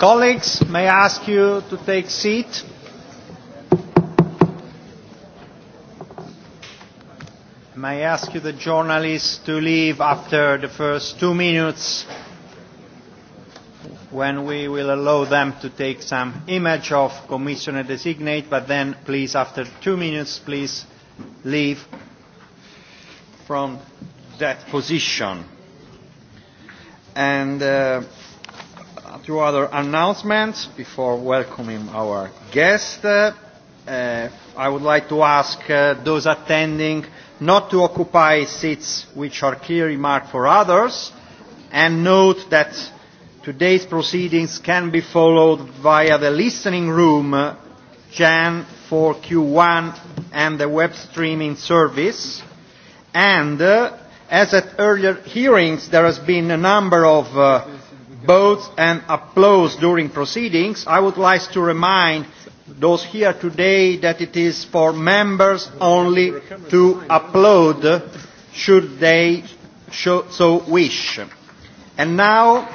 Colleagues, may I ask you to take seat? May I ask you the journalists to leave after the first two minutes when we will allow them to take some image of commissioner designate, but then please, after two minutes, please leave from that position. And uh, two other announcements before welcoming our guest. Uh, uh, I would like to ask uh, those attending not to occupy seats which are clearly marked for others and note that today's proceedings can be followed via the listening room uh, Jan 4Q1 and the web streaming service. And uh, as at earlier hearings, there has been a number of uh, votes and applause during proceedings, I would like to remind those here today that it is for members only to applaud, should they so wish. And now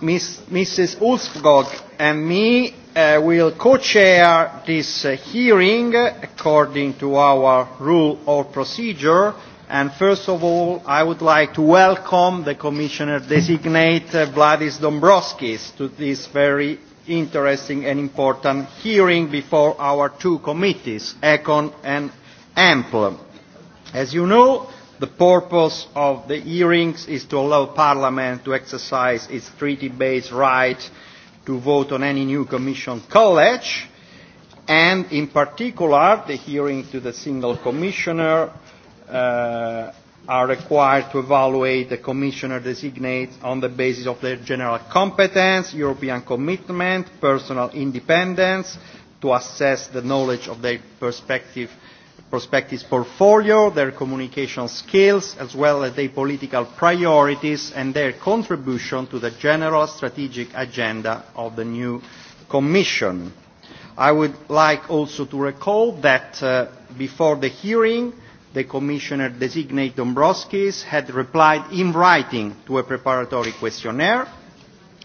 Ms, Mrs. Ulfgog and me uh, will co-chair this uh, hearing according to our rule or procedure And first of all, I would like to welcome the Commissioner designate uh, Vladis Dombrovskis to this very interesting and important hearing before our two committees, ECON and AMPL. As you know, the purpose of the hearings is to allow Parliament to exercise its treaty-based right to vote on any new Commission college, and in particular, the hearing to the single Commissioner uh, are required to evaluate the commissioner designate on the basis of their general competence, European commitment, personal independence, to assess the knowledge of their perspective, prospectives portfolio, their communication skills, as well as their political priorities and their contribution to the general strategic agenda of the new Commission. I would like also to recall that uh, before the hearing, uh, the Commissioner designate Dombrovskis had replied in writing to a preparatory questionnaire.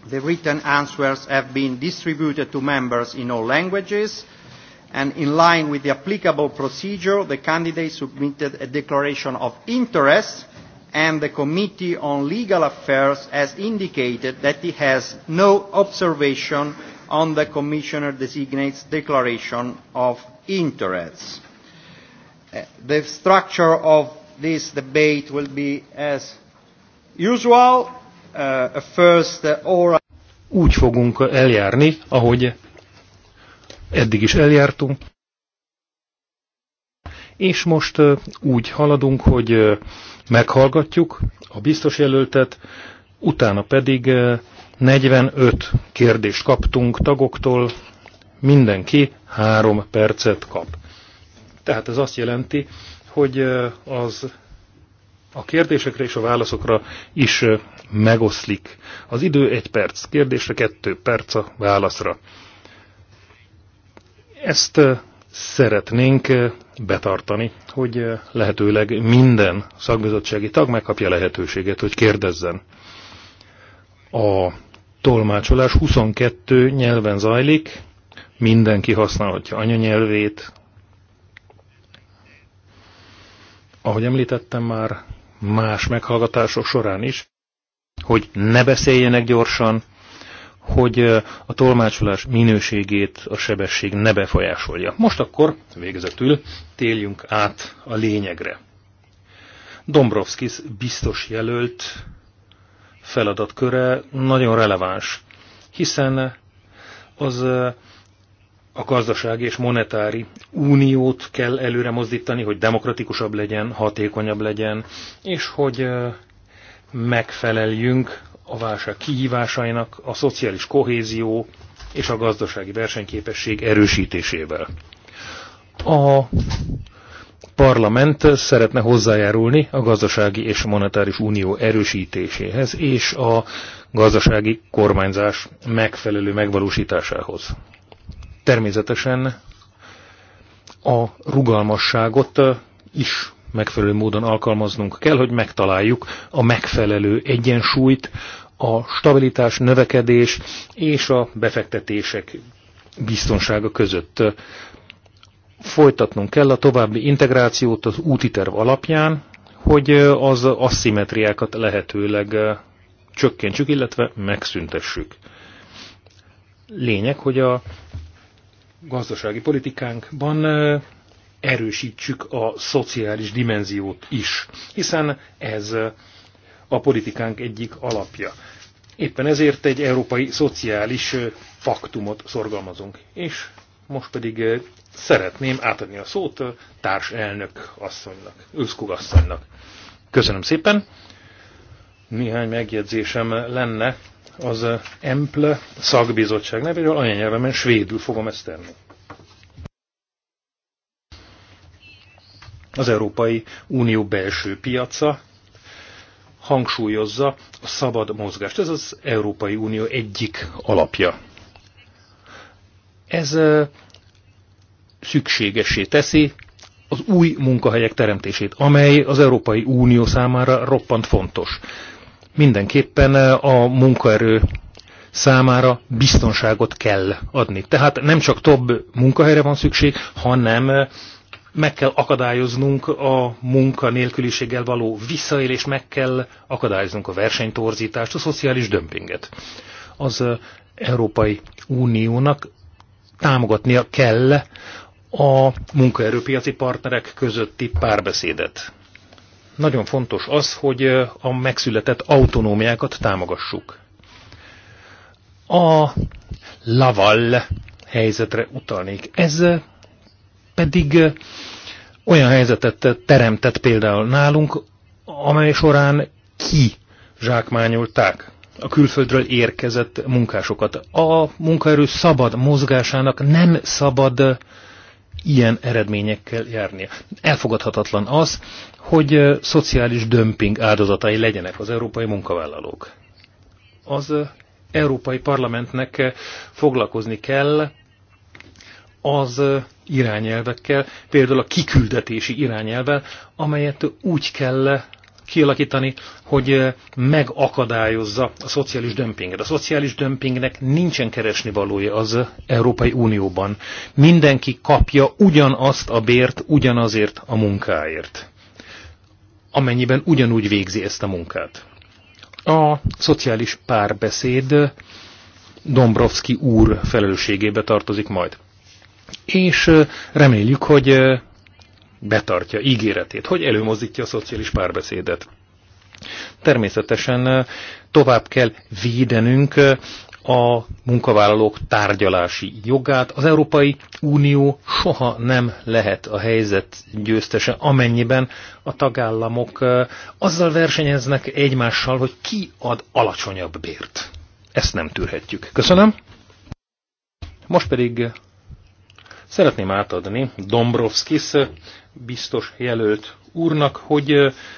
The written answers have been distributed to members in all languages, and in line with the applicable procedure, the candidate submitted a declaration of interest, and the Committee on Legal Affairs has indicated that it has no observation on the Commissioner designate's declaration of interests. Uh, the structure of this debate will be as usual. Uh, a first uh, oral. Úgy fogunk eljárni, ahogy eddig is eljártunk. És most uh, úgy haladunk, hogy meghallgatjuk a biztos jelöltet, utána pedig 45 kérdést kaptunk tagoktól, mindenki három percet kap. Tehát ez azt jelenti, hogy az a kérdésekre és a válaszokra is megoszlik. Az idő egy perc kérdésre, kettő perc a válaszra. Ezt szeretnénk betartani, hogy lehetőleg minden szakbizottsági tag megkapja lehetőséget, hogy kérdezzen. A tolmácsolás 22 nyelven zajlik, mindenki használhatja anyanyelvét, ahogy említettem már más meghallgatások során is, hogy ne beszéljenek gyorsan, hogy a tolmácsolás minőségét a sebesség ne befolyásolja. Most akkor végezetül téljünk át a lényegre. Dombrovskis biztos jelölt feladatköre nagyon releváns, hiszen az a gazdasági és monetári uniót kell előre mozdítani, hogy demokratikusabb legyen, hatékonyabb legyen, és hogy megfeleljünk a válság kihívásainak a szociális kohézió és a gazdasági versenyképesség erősítésével. A parlament szeretne hozzájárulni a gazdasági és monetáris unió erősítéséhez és a gazdasági kormányzás megfelelő megvalósításához természetesen a rugalmasságot is megfelelő módon alkalmaznunk kell, hogy megtaláljuk a megfelelő egyensúlyt a stabilitás, növekedés és a befektetések biztonsága között. Folytatnunk kell a további integrációt az úti terv alapján, hogy az asszimetriákat lehetőleg csökkentsük, illetve megszüntessük. Lényeg, hogy a gazdasági politikánkban erősítsük a szociális dimenziót is, hiszen ez a politikánk egyik alapja. Éppen ezért egy európai szociális faktumot szorgalmazunk. És most pedig szeretném átadni a szót társelnök asszonynak, Őszkug asszonynak. Köszönöm szépen. Néhány megjegyzésem lenne az eh, EMPLE szakbizottság nevéről, anyanyelvemen svédül fogom ezt tenni. Az Európai Unió belső piaca hangsúlyozza a szabad mozgást. Ez az Európai Unió egyik alapja. Ez eh, szükségesé teszi az új munkahelyek teremtését, amely az Európai Unió számára roppant fontos mindenképpen eh, a munkaerő számára biztonságot kell adni. Tehát nem csak több munkahelyre van szükség, hanem eh, meg kell akadályoznunk a munkanélküliséggel való visszaélést, meg kell akadályoznunk a versenytorzítást, a szociális dömpinget. Az eh, Európai Uniónak támogatnia kell a munkaerőpiaci partnerek közötti párbeszédet nagyon fontos az, hogy a megszületett autonómiákat támogassuk. A Laval helyzetre utalnék. Ez pedig olyan helyzetet teremtett például nálunk, amely során ki zsákmányolták a külföldről érkezett munkásokat. A munkaerő szabad mozgásának nem szabad ilyen eredményekkel járnia. Elfogadhatatlan az, hogy szociális dömping áldozatai legyenek az európai munkavállalók. Az Európai Parlamentnek foglalkozni kell az irányelvekkel, például a kiküldetési irányelvel, amelyet úgy kell kialakítani, hogy megakadályozza a szociális dömpinget. A szociális dömpingnek nincsen keresni valója az Európai Unióban. Mindenki kapja ugyanazt a bért, ugyanazért a munkáért, amennyiben ugyanúgy végzi ezt a munkát. A szociális párbeszéd Dombrovski úr felelősségébe tartozik majd. És reméljük, hogy betartja ígéretét, hogy előmozdítja a szociális párbeszédet. Természetesen tovább kell védenünk a munkavállalók tárgyalási jogát. Az Európai Unió soha nem lehet a helyzet győztese, amennyiben a tagállamok azzal versenyeznek egymással, hogy ki ad alacsonyabb bért. Ezt nem tűrhetjük. Köszönöm. Most pedig szeretném átadni Dombrovskis biztos jelölt úrnak, hogy